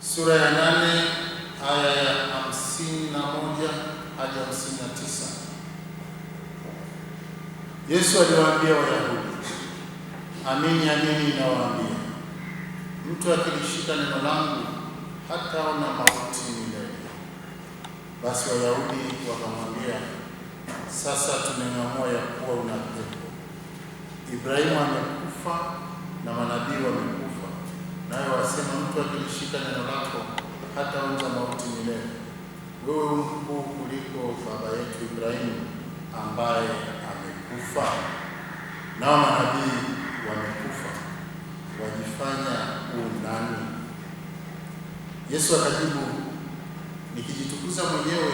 sura ya nane aya ya hamsini na moja hadi hamsini na tisa Yesu aliwaambia Wayahudi, amini amini inawaambia mtu akilishika neno langu hataona mauti milele. Basi Wayahudi wakamwambia, sasa tumeng'amua ya kuwa una pepo. Ibrahimu amekufa na manabii wamekufa naye wasema, mtu akilishika neno lako hataonja mauti milele. Wewe mkuu kuliko baba yetu Ibrahimu ambaye amekufa, nao manabii wamekufa, wajifanya huu nani? Yesu akajibu, nikijitukuza mwenyewe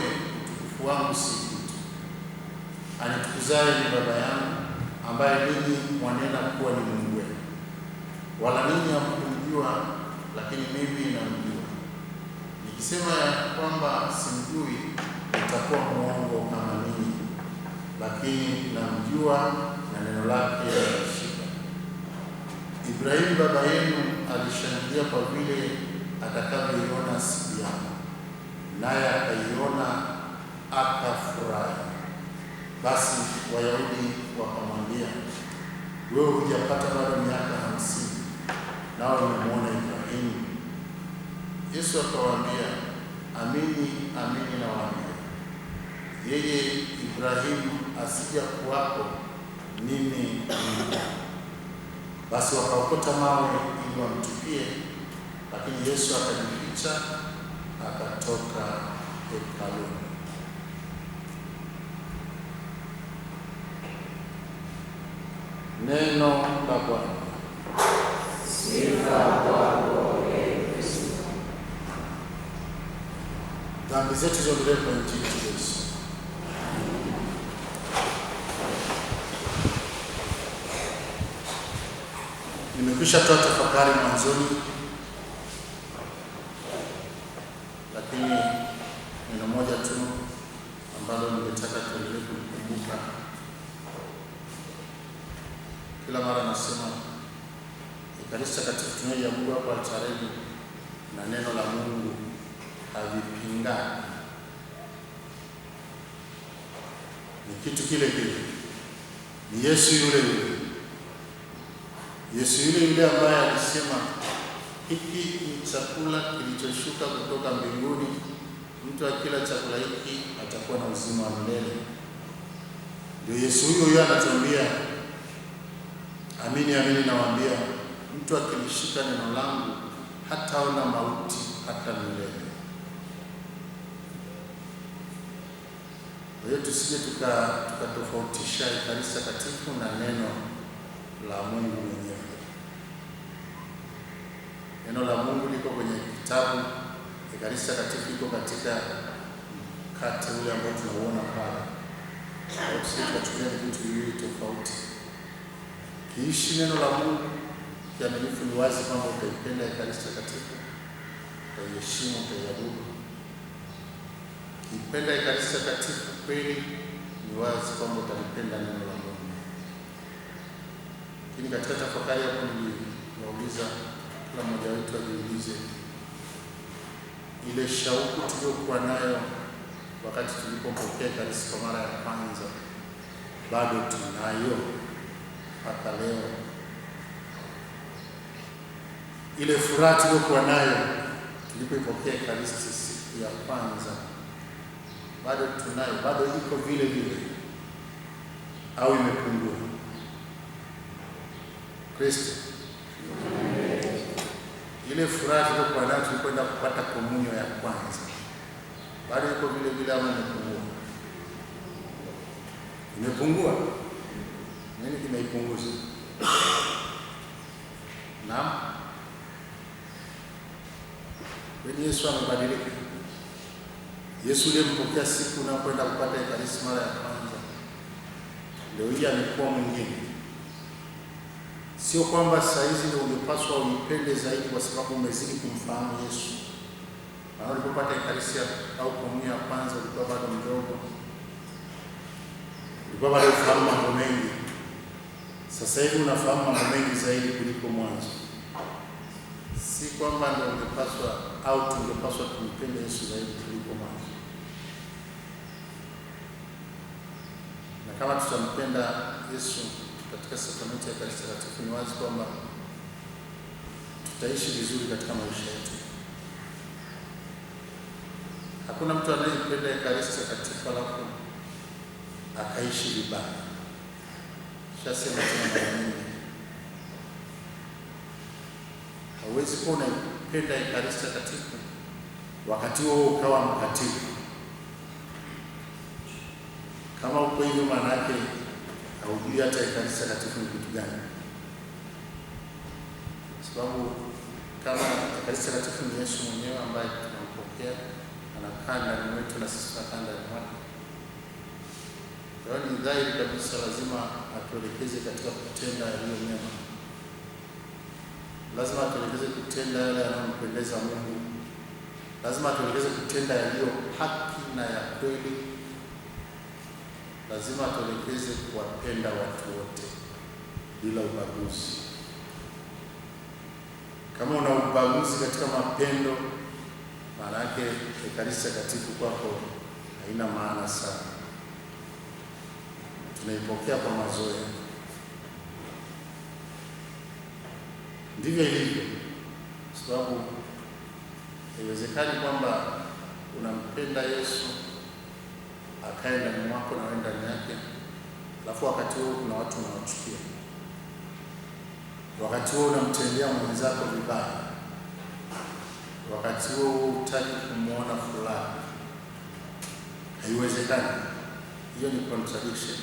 utukufu wangu si kitu, anitukuzaye ni Baba yangu ambaye ninyi mwanena kuwa ni Mungu wenu, wala ninyi kujua, lakini mimi namjua. Nikisema ya kwamba simjui, nitakuwa mwongo kama mimi, lakini namjua na neno lake nalishika. Ibrahimu baba yenu alishangilia kwa vile atakavyoiona siku yako, naye akaiona akafurahi. Basi Wayahudi wakamwambia, wewe hujapata bado miaka hamsini nao wamemwona Ibrahimu. Yesu akawaambia, amini amini nawaambia, yeye Ibrahimu asija kuwako mimi na basi wakaokota mawe ili wamtupie, lakini Yesu akajificha akatoka hekaluni. Neno la Bwana. Dhambi zetu ziondolewe kwa Injili ya Yesu. Nimekwisha toa tafakari mwanzoni, lakini neno moja tu ambalo nimetaka tuendelee kulikumbuka kila mara, nasema Kanisa takatifu mungu hapa Utareni na neno la Mungu havipingani, ni kitu kile kile, ni Yesu yule yule, Yesu yule yule ambaye alisema hiki ni chakula kilichoshuka kutoka mbinguni, mtu akila chakula hiki atakuwa na uzima wa milele. Ndio Yesu huyo huyo anatuambia, amini amini nawaambia mtu akilishika neno langu hataona mauti hata milele. Kwa hiyo tusije tukatofautisha tuka Ekaristi Takatifu na neno la Mungu mwenyewe. Neno la Mungu liko kwenye kitabu, Ekaristi Takatifu iko katika mkate ule ambao tunauona pale. Tusije tukatumia vitu viwili tofauti, kiishi neno la Mungu kiaminifu ni wazi kwamba utaipenda Ekaristi Takatifu, utaiheshimu, utaiabudu. Ukipenda Ekaristi Takatifu kweli, ni wazi kwamba utalipenda neno la Mungu. Lakini katika tafakari hapo niliwauliza kila mmoja wetu ajiulize ile shauku tuliyokuwa nayo wakati tulipopokea Ekaristi kwa mara ya kwanza, bado tunayo mpaka leo ile furaha tuliyokuwa nayo tulipoipokea Ekaristi siku ya kwanza, bado tunayo, bado iko vile vile au imepungua? Kristo, ile furaha tuliyokuwa nayo tulikwenda kupata komunyo ya kwanza, bado iko vile vile au imepungua? Imepungua. Nini kimeipunguza? Naam. Kwani Yesu amebadilika? Yesu uliyempokea siku unapoenda kupata ekaristi mara ya kwanza, leo hii amekuwa mwingine. Sio kwamba saa hizi ndio umepaswa umpende zaidi kwa sababu umezidi kumfahamu Yesu. Na ulipopata ekaristi au komunio ya kwanza ulikuwa bado mdogo, ulikuwa bado ufahamu mambo mengi. Sasa hivi unafahamu mambo mengi zaidi kuliko mwanzo si kwamba ndio ungepaswa au tungepaswa tumpende Yesu zaidi kuliko mwanzo, na kama tutampenda Yesu katika sakramenti ya Ekaristi Takatifu, ni wazi kwamba tutaishi vizuri katika maisha yetu. Hakuna mtu anayempenda Ekaristi Takatifu alafu akaishi vibaya. Shasema tena mara nyingi Hauwezi kuwa unaipenda Ekaristi Takatifu wakati huo ukawa mkatifu. Kama uko hivyo, maana yake haujui hata Ekaristi Takatifu ni kitu gani, kwa sababu kama Ekaristi Takatifu ni Yesu mwenyewe ambaye tunampokea, anakaa ndani mwetu na sisi tunakaa ndani mwake. Kwa hiyo ni dhahiri kabisa, lazima atuelekeze katika kutenda yaliyo mema lazima tuelekeze kutenda yale yanayompendeza Mungu, lazima tuelekeze kutenda yaliyo haki na ya kweli, lazima tuongeze kuwapenda watu wote bila ubaguzi. Kama una ubaguzi katika mapendo, maana yake Ekaristi Takatifu kwako haina maana sana. Tunaipokea kwa mazoea. ndivyo ilivyo, kwa sababu haiwezekani kwamba unampenda Yesu akae ndani mwako na wewe ndani yake, alafu wakati huo kuna watu unawachukia, wakati huo unamtendea mwenzako vibaya, wakati huo hutaki kumwona fulani Haiwezekani. Hiyo ni contradiction,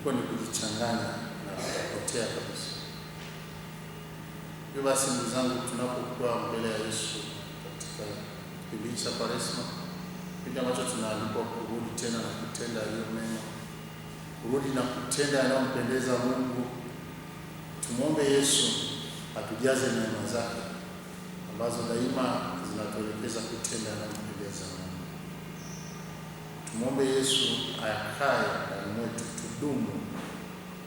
iko ni kujichanganya na kupotea kabisa. Hivyo basi, ndugu zangu, tunapokuwa mbele ya Yesu katika kipindi cha Kwaresma, kipindi ambacho tunaalikwa kurudi tena na kutenda yaliyo mema, kurudi na kutenda yanayompendeza Mungu, tumwombe Yesu atujaze neema zake ambazo daima zinatuelekeza kutenda yanayompendeza Mungu. Tumwombe Yesu ayakae ndani mwetu, tudumu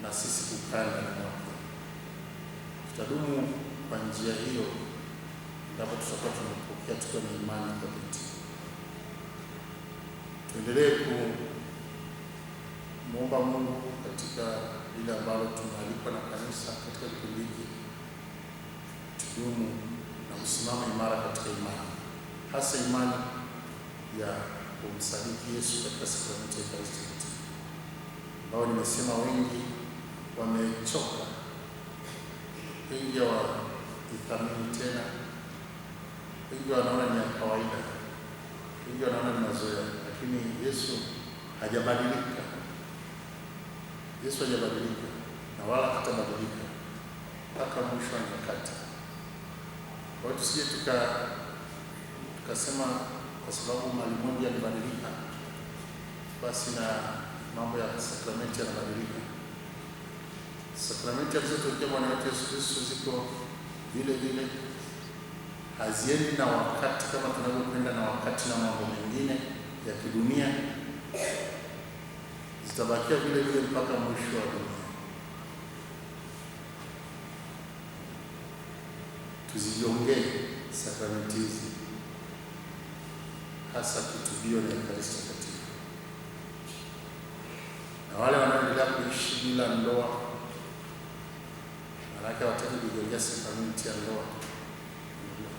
na sisi kukaa ndani mwake, tutadumu kwa njia hiyo ndipo tutakuwa tumepokea tukiwa na imani thabiti. Tuendelee kumwomba Mungu katika lile ambalo tumealikwa na kanisa katika kipindi hiki, tudumu na kusimama imara katika imani, hasa imani ya kumsadiki Yesu katika sakramenti ya Ekaristi ambao nimesema wengi wamechoka, wengi wa kuthamini tena. Wengi wanaona ni ya kawaida, wengi wanaona ni mazoea, lakini Yesu hajabadilika. Yesu hajabadilika na wala hatabadilika mpaka mwisho wa nyakati. Kwa hiyo tusije tukasema kwa sababu mali moja alibadilika, basi na mambo ya sakramenti yanabadilika. Sakramenti alizotokea Bwana wetu Yesu Kristo ziko vile vile haziendi na wakati kama tunavyokwenda na wakati na mambo mengine ya kidunia, zitabakia vile vile mpaka mwisho wa dunia. tuzijongee sakramenti hizi, hasa kitubio na Ekaristi Takatifu, na wale wanaoendelea kuishi bila ndoa Maanake wataji kujengea sifa mti ya ndoa,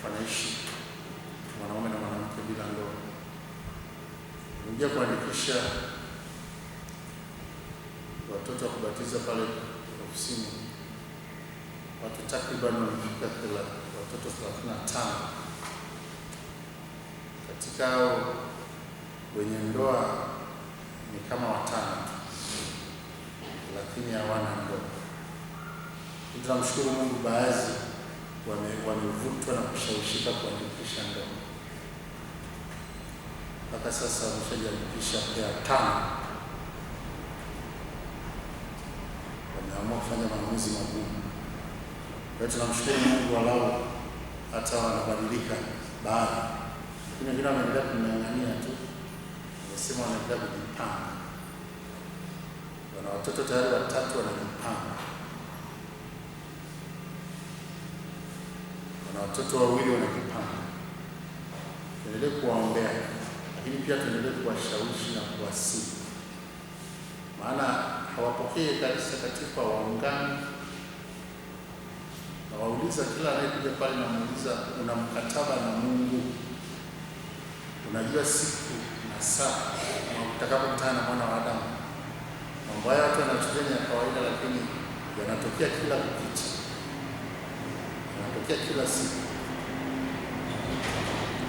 wanaishi mwanaume na mwanamke bila ndoa. Ingia kuandikisha watoto wa kubatiza pale ofisini, watu takriban kila watoto thelathini na tano katika hao wenye ndoa ni kama watano, lakini hawana ndoa. Tunamshukuru Mungu, baadhi wamevutwa na kushawishika kuandikisha ndoa. Mpaka sasa wameshajiandikisha pea tano. Wameamua kufanya maamuzi magumu. Kwa hiyo tunamshukuru Mungu, walau hata wanabadilika baadhi, lakini wengine wameendelea kumng'ang'ania tu, wamesema wanaendelea kujipanga. Wana watoto tayari watatu wanajipanga na watoto wawili wana kipawa, tuendelee kuwaombea, lakini pia tuendelee kuwashawishi na kuwasihi, maana hawapokee kanisa katika waungani. nawauliza, kila anayekuja pale namuuliza, una mkataba na Mungu? Unajua siku na saa utakapokutana na mwana wa Adamu. Mambo haya watu wanachukulia ya kawaida, lakini yanatokea kila kukicha inatokea kila siku.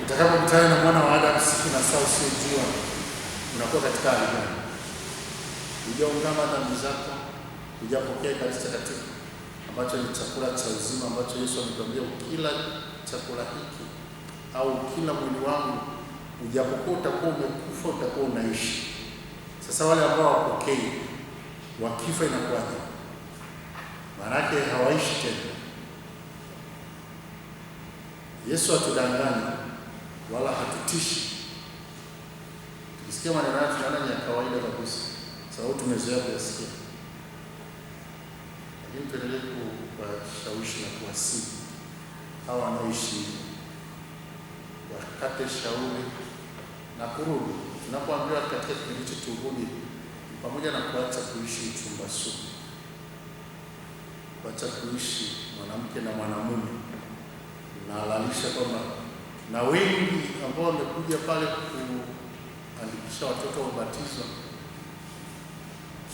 Utakapokutana na mwana wa Adamu siku na saa usiojua, unakuwa katika hali gani? Hujaungama dhambi zako, hujapokea Ekaristi Takatifu ambacho ni chakula cha uzima ambacho Yesu ametuambia ukila chakula hiki au ukila mwili wangu, ujapokuwa utakuwa umekufa, utakuwa unaishi. Sasa wale ambao hawapokei, wakifa inakuwaje? Maanake hawaishi tena Yesu hatudangani wala hatutishi. Tukisikia maneno haya tunaona ni ya kawaida kabisa, sababu tumezoea kuyasikia, lakini tuendelee kuwashawishi na kuwasihi hawa wanaoishi wakate shauri na kurudi. Tunapoambiwa katika kipindi cha tuhuni, pamoja na kuacha kuishi uchumba sugu, kuacha kuishi mwanamke na mwanamume nahalalisha kwamba na wengi ambao wamekuja pale kuandikisha watoto wabatizwa,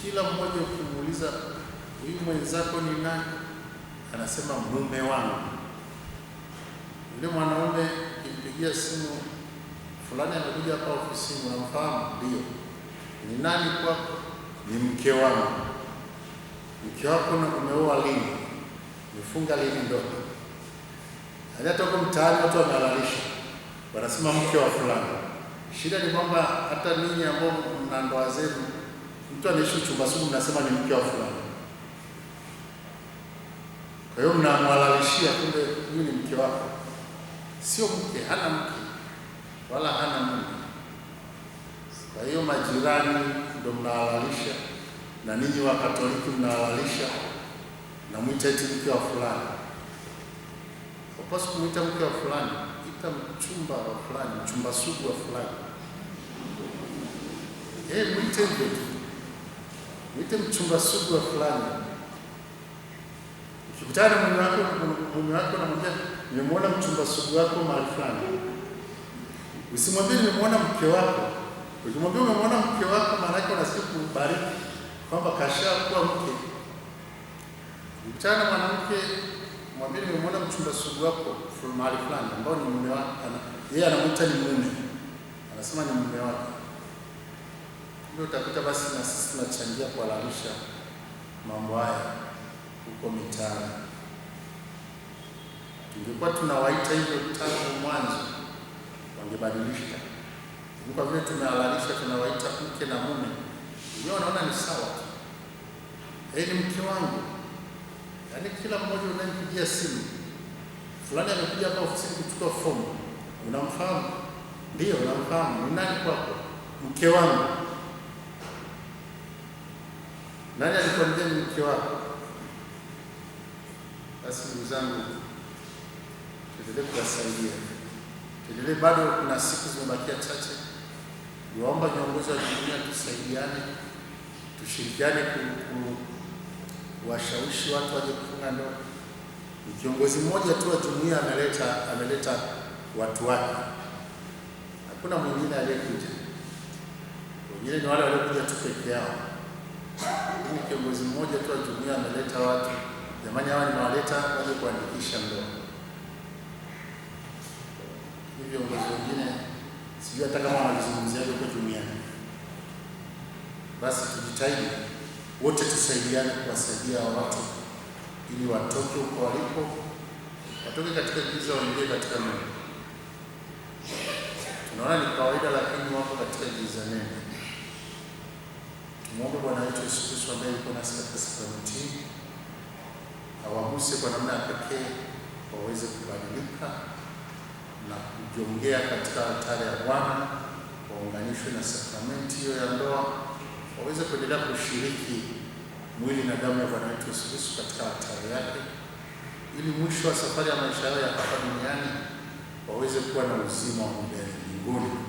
kila mmoja ukimuuliza huyu mwenzako ni nani, anasema mume wangu. Yule mwanaume kimpigia simu fulani amekuja hapa ofisini, unamfahamu? Ndio. Ni nani kwako? Ni mke wangu. Mke wako na umeoa lini? mefunga lini ndoa? Aliyetoka mtaani watu wanalalisha, wanasema mke wa fulani. Shida ni kwamba hata ninyi ambao mna ndoa zenu, mtu anaishi chumba sugu, mnasema ni mke wa fulani. Kwa hiyo mnamwalalishia kumbe huyu ni mke wako, sio mke, hana mke wala hana mume. Kwa hiyo majirani ndo mnawalalisha, na ninyi Wakatoliki mnahalalisha, namwita eti mke wa fulani. Upasi kumwita mke wa fulani, ita mchumba wa fulani, mchumba sugu wa fulani. Eh, mwite hivyo tu, mwite mchumba sugu wa fulani. Ukikutana na mume wako, mume wako namwambia nimemwona mchumba sugu wako mahali fulani, usimwambie nimemwona mke wako. Ukimwambia umemwona mke wako, maana yake unasikia kubariki kwamba kashakuwa mke. Ukikutana na mwanamke mwambie nimemwona mchumba sugu wako from mahali fulani ambao ni mume wake, yeye anamwita ni mume, anasema ni mume wake. Ndio utakuta basi na sisi tunachangia kuhalalisha mambo haya huko mitaani. Tungekuwa tunawaita hivyo tangu mwanzo, wangebadilisha. Kwa vile tumehalalisha, tunawaita mke na mume, ndio wanaona ni sawa, yeye ni mke wangu Yaani kila mmoja unayempigia simu, fulani amekuja hapa ofisini kuchukua fomu, unamfahamu? Ndio, unamfahamu. Ni nani kwako? Mke wangu. Nani alikwambia ni mke wako? Basi ndugu zangu, tuendelee kuwasaidia, tuendelee. Bado kuna siku zimebakia chache. Niwaomba viongozi wa jumuiya tusaidiane, tushirikiane ku washawishi watu waje kufunga ndoa. Ni kiongozi mmoja tu wa jumuiya ameleta ameleta watu wake, hakuna mwingine aliyekuja. Wengine ni wale waliokuja tu peke yao, lakini kiongozi mmoja tu wa jumuiya ameleta watu. Jamani, hawa nimewaleta waje kuandikisha ndoa. Hivi viongozi wengine sijui hata kama wanazungumziaje huko jumuiya. Basi tujitahidi wote tusaidiane kuwasaidia hao watu ili watoke huko walipo, watoke katika giza waingie katika nuru. Tunaona ni kawaida, lakini wako katika giza nene. Tumwombe Bwana wetu Yesu Kristo ambaye yuko nasi katika sakramenti hii awaguse kwa namna ya pekee, waweze kubadilika na kujongea katika altari ya Bwana, waunganishwe na sakramenti hiyo ya ndoa waweze kuendelea kushiriki mwili na damu ya Bwana wetu Yesu Kristo katika hatari yake, ili mwisho wa safari ya maisha yao ya hapa duniani waweze kuwa na uzima wa milele mbinguni.